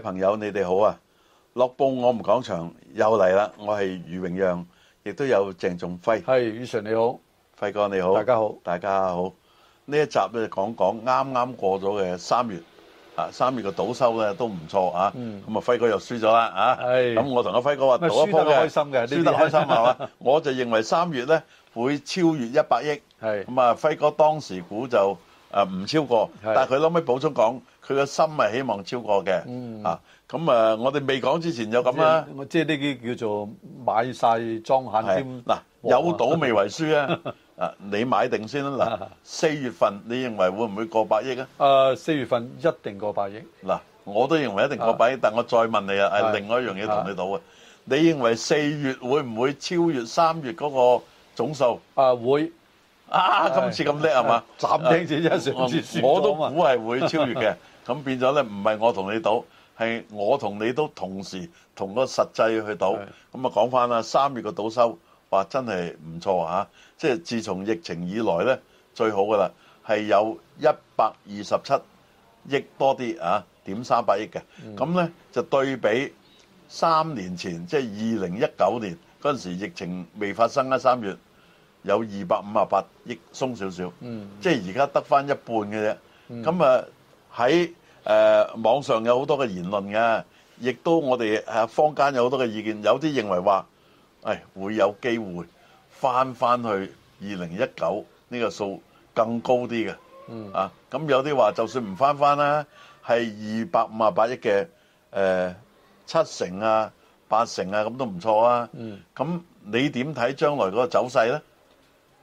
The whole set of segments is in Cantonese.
朋友，你哋好啊！樂報我唔講場，又嚟啦！我係余榮讓，亦都有鄭仲輝。係宇晨你好，輝哥你好，大家好，大家好。呢一集咧，講講啱啱過咗嘅三月，啊三月嘅賭收咧都唔錯啊！咁啊輝哥又輸咗啦啊！咁我同阿輝哥話賭一波嘅，開心嘅，輸得開心係嘛？我就認為三月咧會超越一百億。係咁啊，輝哥當時估就。啊，唔超過，但係佢後屘補充講，佢個心係希望超過嘅。啊，咁啊，我哋未講之前就咁啦。我即係呢啲叫做買曬莊閒添。嗱，有賭未為輸啊！啊，你買定先啦。嗱，四月份你認為會唔會過百億啊？誒，四月份一定過百億。嗱，我都認為一定過百億，但我再問你啊，係另外一樣嘢同你賭啊。你認為四月會唔會超越三月嗰個總數？誒，會。啊！今次咁叻係嘛？暫聽住一時，我都估係會超越嘅。咁 變咗咧，唔係我同你賭，係我同你都同時同個實際去賭。咁啊，講翻啦，三月個賭收話真係唔錯嚇。即係自從疫情以來咧，最好㗎啦，係有一百二十七億多啲啊，點三百億嘅。咁、嗯、咧就對比三年前，即係二零一九年嗰陣時疫情未發生嗰三月。有二百五十八億鬆少少，即係而家得翻一半嘅啫。咁啊喺誒網上有好多嘅言論嘅，亦都我哋誒坊間有好多嘅意見，有啲認為話係會有機會翻翻去二零一九呢個數更高啲嘅。啊，咁有啲話就算唔翻翻啦，係二百五十八億嘅誒七成啊八成啊，咁都唔錯啊。咁你點睇將來個走勢咧？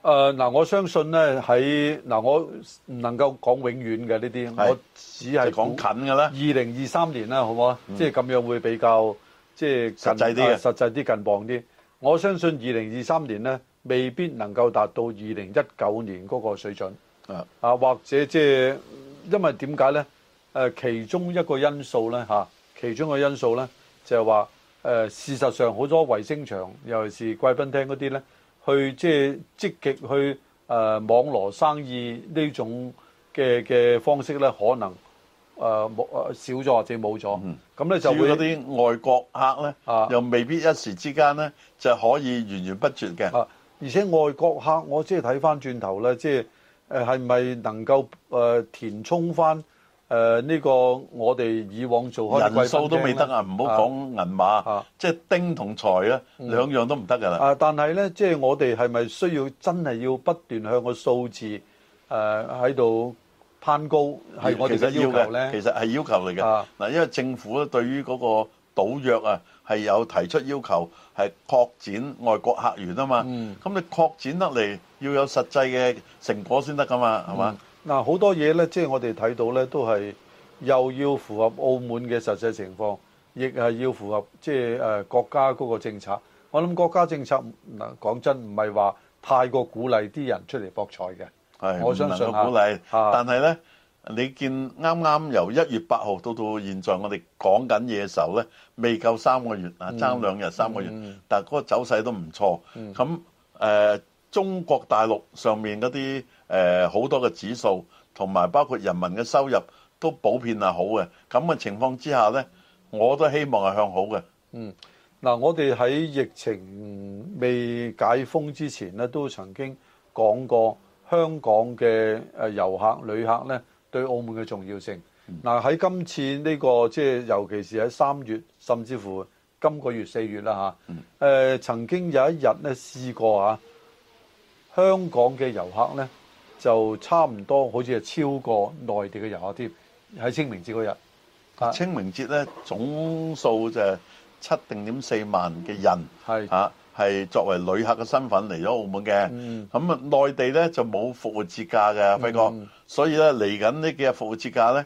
誒、呃、嗱，我相信咧喺嗱，我唔能夠講永遠嘅呢啲，我只係講近嘅啦。二零二三年啦，好唔好、嗯、即係咁樣會比較即係實際啲嘅，實際啲、啊、近磅啲。我相信二零二三年咧，未必能夠達到二零一九年嗰個水準。啊，或者即、就、係、是、因為點解咧？誒、呃，其中一個因素咧嚇、啊，其中嘅因素咧、啊、就係話誒，事實上好多衛星場，尤其是貴賓廳嗰啲咧。去即係積極去誒、呃、網羅生意呢種嘅嘅方式咧，可能誒冇誒少咗或者冇咗，咁咧就會有啲外國客咧、啊、又未必一時之間咧就可以源源不絕嘅、啊。而且外國客，我即係睇翻轉頭咧，即係誒係咪能夠誒、呃、填充翻？誒、呃、呢、這個我哋以往做開，人數都未得啊！唔好講銀碼，即、就、係、是、丁同財啊，兩樣都唔得㗎啦。啊！但係咧，即、就、係、是、我哋係咪需要真係要不斷向個數字誒喺度攀高？係我哋要求咧，其實係要求嚟嘅。嗱、啊，因為政府咧對於嗰個賭約啊係有提出要求，係擴展外國客源啊嘛。咁、嗯、你擴展得嚟要有實際嘅成果先得㗎嘛？係、嗯、嘛？是吧？嗱，好多嘢咧，即係我哋睇到咧，都係又要符合澳門嘅實際情況，亦係要符合即係誒國家嗰個政策。我諗國家政策呃、講真唔係話太過鼓勵啲人出嚟博彩嘅。係，我相信鼓勵、啊、但係咧，你見啱啱由一月八號到到現在，我哋講緊嘢嘅時候咧，未夠三個月嗱，爭兩日三個月，嗯個月嗯、但係嗰個走勢都唔錯。咁、嗯呃、中國大陸上面嗰啲。誒、呃、好多嘅指數，同埋包括人民嘅收入都普遍係好嘅。咁嘅情況之下呢，我都希望係向好嘅。嗯，嗱，我哋喺疫情未解封之前呢，都曾經講過香港嘅誒遊客旅客呢對澳門嘅重要性。嗱、嗯、喺今次呢、呢個即係，尤其是喺三月，甚至乎今個月四月啦吓、啊嗯呃，曾經有一日呢試過啊，香港嘅遊客呢，就差唔多，好似係超過內地嘅遊客添。喺清明節嗰日，清明節咧總數就係七定點四萬嘅人，係嚇係作為旅客嘅身份嚟咗澳門嘅。咁、嗯、啊，那麼內地咧就冇復活節假嘅輝哥、嗯，所以咧嚟緊呢幾日復活節假咧，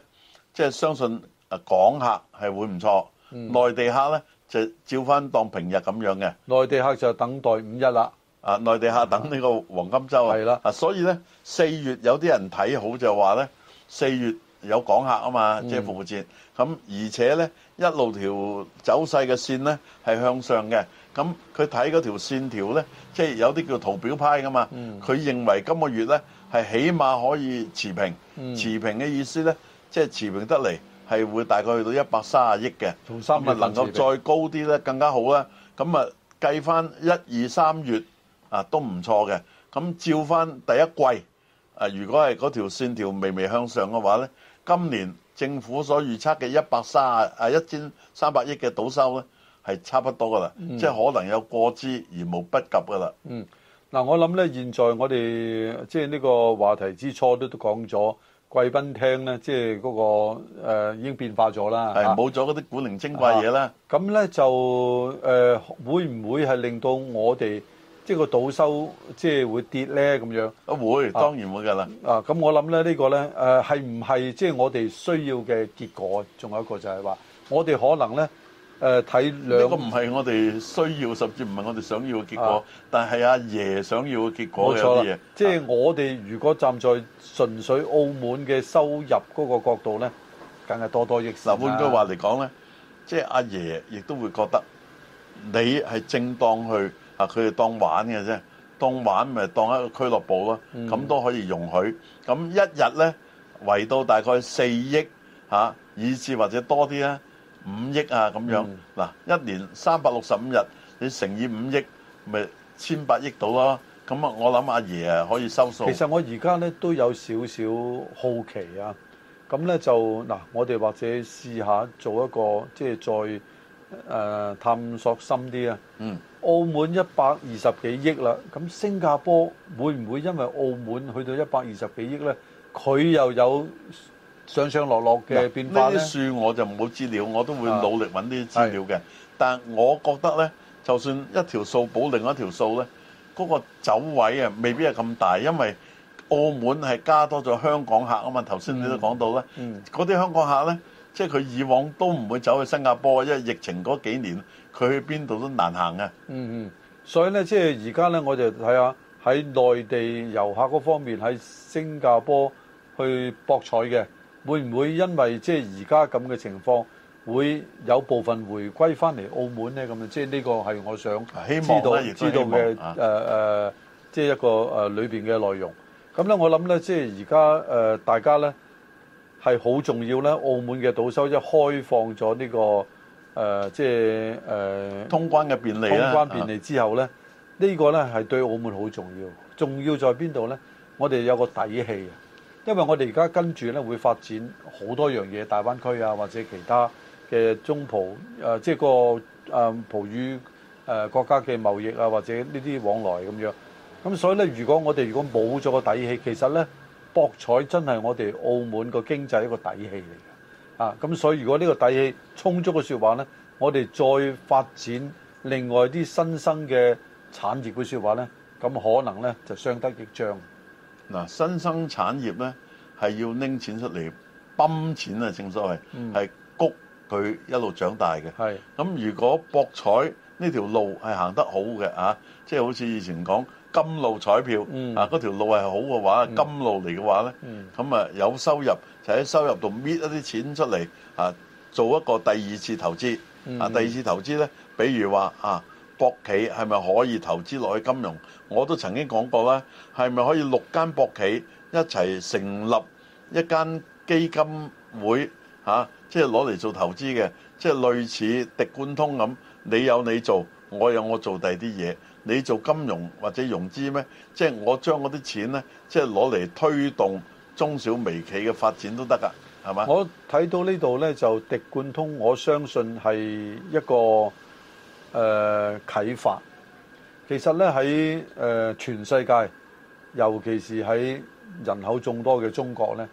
即、就、係、是、相信啊港客係會唔錯、嗯，內地客咧就照翻當平日咁樣嘅。內地客就等待五一啦。啊，內地客等呢個黃金周啊，係啦，所以咧四月有啲人睇好就話咧，四月有港客啊嘛，即係復活節，咁而且咧一路條走勢嘅線咧係向上嘅，咁佢睇嗰條線條咧，即係有啲叫圖表派㗎嘛，佢認為今個月咧係起碼可以持平，持平嘅意思咧即係持平得嚟係會大概去到一百三十億嘅，咁啊能夠再高啲咧更加好啦，咁啊計翻一二三月。啊，都唔錯嘅。咁照翻第一季，啊，如果係嗰條線條微微向上嘅話咧，今年政府所預測嘅一百三啊一千三百億嘅賭收咧，係差不多噶啦，即係可能有過之而無不及噶啦。嗯，嗱，我諗咧，現在我哋即係呢個話題之初都都講咗貴賓廳咧，即係嗰個誒已經變化咗啦。係冇咗嗰啲古靈精怪嘢啦。咁咧就誒會唔會係令到我哋？即係個賭收即係會跌咧咁樣，啊，會當然會㗎啦。啊咁，我諗咧呢個咧誒係唔係即係我哋需要嘅結果？仲有一個就係話，我哋可能咧誒睇兩，呢個唔係我哋需要，甚至唔係我哋想要嘅結果。但係阿爺想要嘅結果冇錯嘢。即係我哋如果站在純粹澳門嘅收入嗰個角度咧，梗係多多益善。嗱，換句話嚟講咧，即係阿爺亦都會覺得你係正當去。啊！佢哋當玩嘅啫，當玩咪當一個俱樂部咯，咁、嗯、都可以容許。咁一日咧，圍到大概四億嚇，以、啊、至或者多啲咧，五億啊咁樣。嗱、嗯，一年三百六十五日，你乘以五億，咪千八百億到咯。咁啊，我諗阿爺啊可以收數。其實我而家咧都有少少好奇啊。咁咧就嗱、啊，我哋或者試下做一個即係再。誒探索深啲啊！澳門一百二十幾億啦，咁新加坡會唔會因為澳門去到一百二十幾億咧？佢又有上上落落嘅變化咧？呢啲數我就冇資料，我都會努力揾啲資料嘅。但係我覺得咧，就算一條數補另外一條數咧，嗰個走位啊，未必係咁大，因為澳門係加多咗香港客啊嘛。頭先你都講到啦，嗰啲香港客咧。即係佢以往都唔會走去新加坡，因為疫情嗰幾年佢去邊度都難行嘅。嗯嗯，所以咧，即係而家咧，我就睇下喺內地遊客嗰方面喺新加坡去博彩嘅，會唔會因為即係而家咁嘅情況，會有部分回歸翻嚟澳門咧？咁樣，即係呢個係我想知道希望希望知道嘅誒、啊呃、即係一個誒裏面嘅內容。咁咧，我諗咧，即係而家誒大家咧。係好重要咧，澳門嘅賭收一開放咗呢、這個誒、呃，即係誒、呃、通關嘅便利，通關便利之後咧，呢、啊、個咧係對澳門好重要。重要在邊度咧？我哋有個底氣，因為我哋而家跟住咧會發展好多樣嘢，大灣區啊，或者其他嘅中葡誒，即係個誒葡語誒國家嘅貿易啊，或者呢啲往來咁樣。咁所以咧，如果我哋如果冇咗個底氣，其實咧～博彩真係我哋澳門個經濟一個底氣嚟嘅、啊，啊咁所以如果呢個底氣充足嘅說話呢，我哋再發展另外啲新生嘅產業嘅說話呢，咁可能呢就相得益彰。嗱、啊，新生產業呢係要拎錢出嚟泵錢啊，正所謂係谷佢一路長大嘅。係咁，如果博彩呢條路係行得好嘅啊，即係好似以前講。金路彩票、嗯、啊，嗰條路係好嘅話、嗯，金路嚟嘅話咧，咁、嗯、啊，有收入就喺收入度搣一啲錢出嚟啊，做一個第二次投資、嗯、啊，第二次投資咧，比如話啊，博企係咪可以投資落去金融？我都曾經講過啦，係咪可以六間博企一齊成立一間基金會啊？即係攞嚟做投資嘅，即、就、係、是、類似滴灌通咁，你有你做，我有我做第二啲嘢。你做金融或者融資咩？即係我將嗰啲錢咧，即係攞嚟推動中小微企嘅發展都得噶，係咪？我睇到呢度咧，就滴貫通，我相信係一個誒啟發。其實咧喺誒全世界，尤其是喺人口眾多嘅中國咧，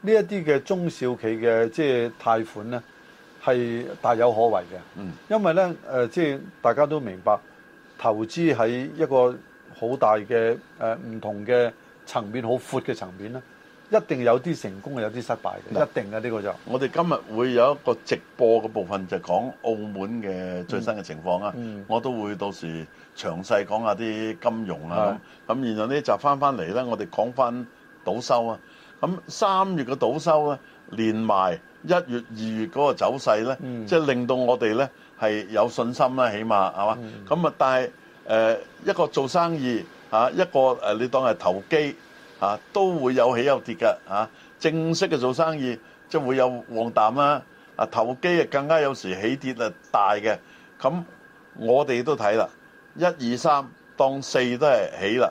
呢一啲嘅中小企嘅即係貸款咧，係大有可為嘅。嗯，因為咧誒即係大家都明白。投資喺一個好大嘅誒唔同嘅層面，好闊嘅層面咧，一定有啲成功，有啲失敗嘅，一定嘅呢個就。我哋今日會有一個直播嘅部分，就講、是、澳門嘅最新嘅情況啦、嗯嗯。我都會到時詳細講下啲金融啊，咁。咁然後呢，就翻翻嚟咧，我哋講翻賭收啊。咁三月嘅賭收咧，連埋一月、二月嗰個走勢咧、嗯，即係令到我哋咧。係有信心啦，起碼係嘛？咁啊，嗯、但係誒、呃、一個做生意嚇、啊，一個誒你當係投機嚇、啊，都會有起有跌嘅嚇、啊。正式嘅做生意即係會有旺淡啦。啊，投機啊更加有時起跌啊大嘅。咁我哋都睇啦，一二三當四都係起啦，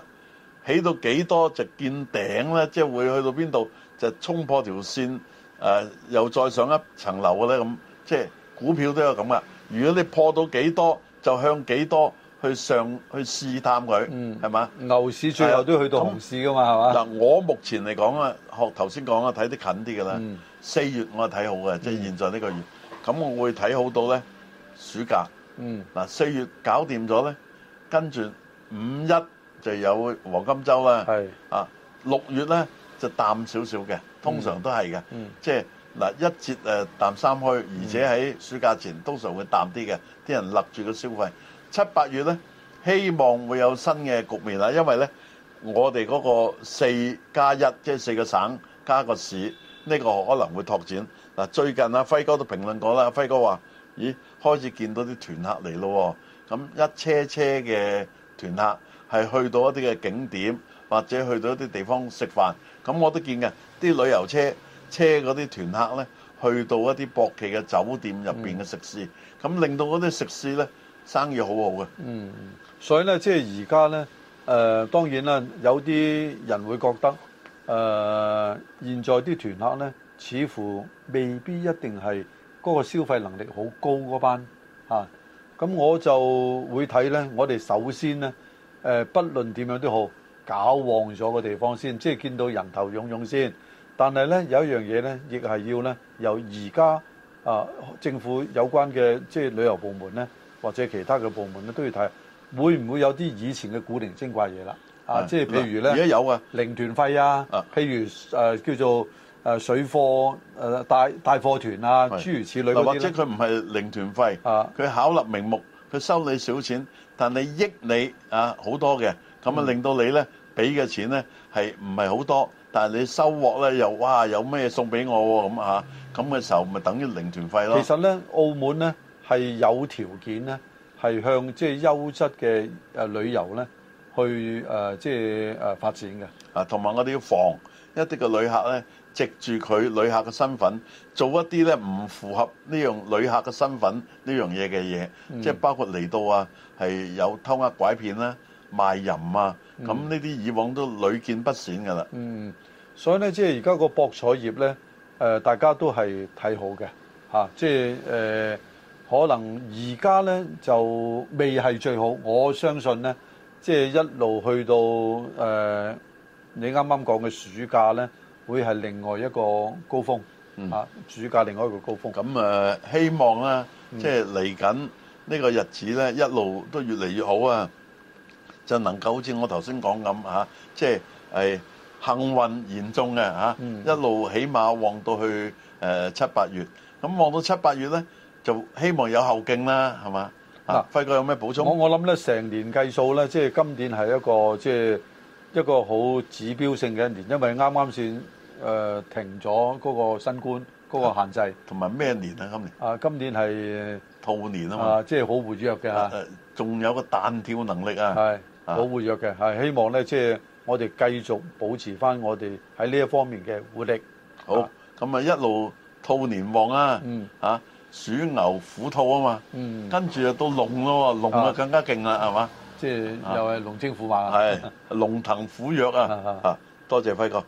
起到幾多就見頂咧？即係會去到邊度就衝破條線誒、啊，又再上一層樓嘅咧咁。即係股票都有咁噶。如果你破到幾多，就向幾多去上去試探佢，係、嗯、嘛？牛市最後都去到熊市噶嘛，係嘛？嗱、嗯，我目前嚟講啊，學頭先講啊，睇得近啲嘅啦。四、嗯、月我睇好嘅，即、嗯、係、就是、現在呢個月。咁、嗯、我會睇好到咧暑假。嗱、嗯，四、呃、月搞掂咗咧，跟住五一就有黃金周啦。啊，六月咧就淡少少嘅，通常都係嘅。嗯，即、嗯、係。就是嗱，一節誒淡三開，而且喺暑假前、嗯、通常會淡啲嘅，啲人立住個消費。七八月呢，希望會有新嘅局面啦，因為呢，我哋嗰個四加一，即係四個省加個市，呢、呢個可能會拓展。嗱，最近啊，輝哥都評論過啦，輝哥話，咦，開始見到啲團客嚟咯，咁一車車嘅團客係去到一啲嘅景點，或者去到一啲地方食飯，咁我都見嘅，啲旅遊車。車嗰啲團客呢，去到一啲博企嘅酒店入邊嘅食肆，咁、嗯、令到嗰啲食肆呢，生意好好嘅。嗯，所以現在呢，即係而家呢，誒當然啦，有啲人會覺得誒、呃、現在啲團客呢，似乎未必一定係嗰個消費能力好高嗰班嚇。咁、啊、我就會睇呢，我哋首先呢，不論點樣都好，搞旺咗個地方先，即係見到人頭湧湧先。但係咧有一樣嘢咧，亦係要咧由而家啊政府有關嘅即係旅遊部門咧，或者其他嘅部門咧，都要睇會唔會有啲以前嘅古靈精怪嘢啦啊！即、就、係、是、譬如咧，而家有啊零團費啊，啊譬如、呃、叫做、呃、水貨、呃、大大貨團啊，諸如此類嗰啲咧。或者佢唔係零團費，佢、啊、巧立名目，佢收你少錢，但係益你啊好多嘅，咁啊令到你咧俾嘅錢咧係唔係好多？但係你收穫咧，又哇有咩送俾我喎，咁吓，咁嘅時候咪等於零團費咯。其實咧，澳門咧係有條件咧，係向即係優質嘅旅遊咧去、呃、即係誒、呃、發展嘅。啊，同埋我哋要防一啲嘅旅客咧，藉住佢旅客嘅身份做一啲咧唔符合呢樣旅客嘅身份呢樣嘢嘅嘢，即係包括嚟到啊係有偷呃拐騙啦。賣淫啊！咁呢啲以往都屢見不鮮㗎啦。嗯，所以呢，即係而家個博彩業呢，呃、大家都係睇好嘅、啊、即係誒、呃，可能而家呢，就未係最好。我相信呢，即係一路去到誒、呃，你啱啱講嘅暑假呢，會係另外一個高峰嚇、嗯啊。暑假另外一個高峰。咁、嗯、誒、呃，希望呢，即係嚟緊呢個日子呢，嗯、一路都越嚟越好啊！就能夠好似我頭先講咁嚇，即係係幸運嚴重嘅，嚇，一路起碼望到去誒七八月，咁望到七八月咧，就希望有後勁啦，係嘛？啊，輝哥有咩補充？我我諗咧，成年計數咧，即係今年係一個即係一個好指標性嘅一年，因為啱啱先誒停咗嗰個新冠嗰個限制，同埋咩年啊？今年啊，今年係兔年啊嘛，即係好活躍嘅嚇，仲有個彈跳能力啊！好、啊、活躍嘅，係希望咧，即、就、係、是、我哋繼續保持翻我哋喺呢一方面嘅活力。好，咁啊一路兔年旺啊，嚇、嗯、鼠、啊、牛虎兔啊嘛，嗯、跟住啊到龍咯喎，龍啊更加勁啦，係、啊、嘛？即係又係龍精虎猛啊！係 龍騰虎躍啊！嚇，多謝輝哥。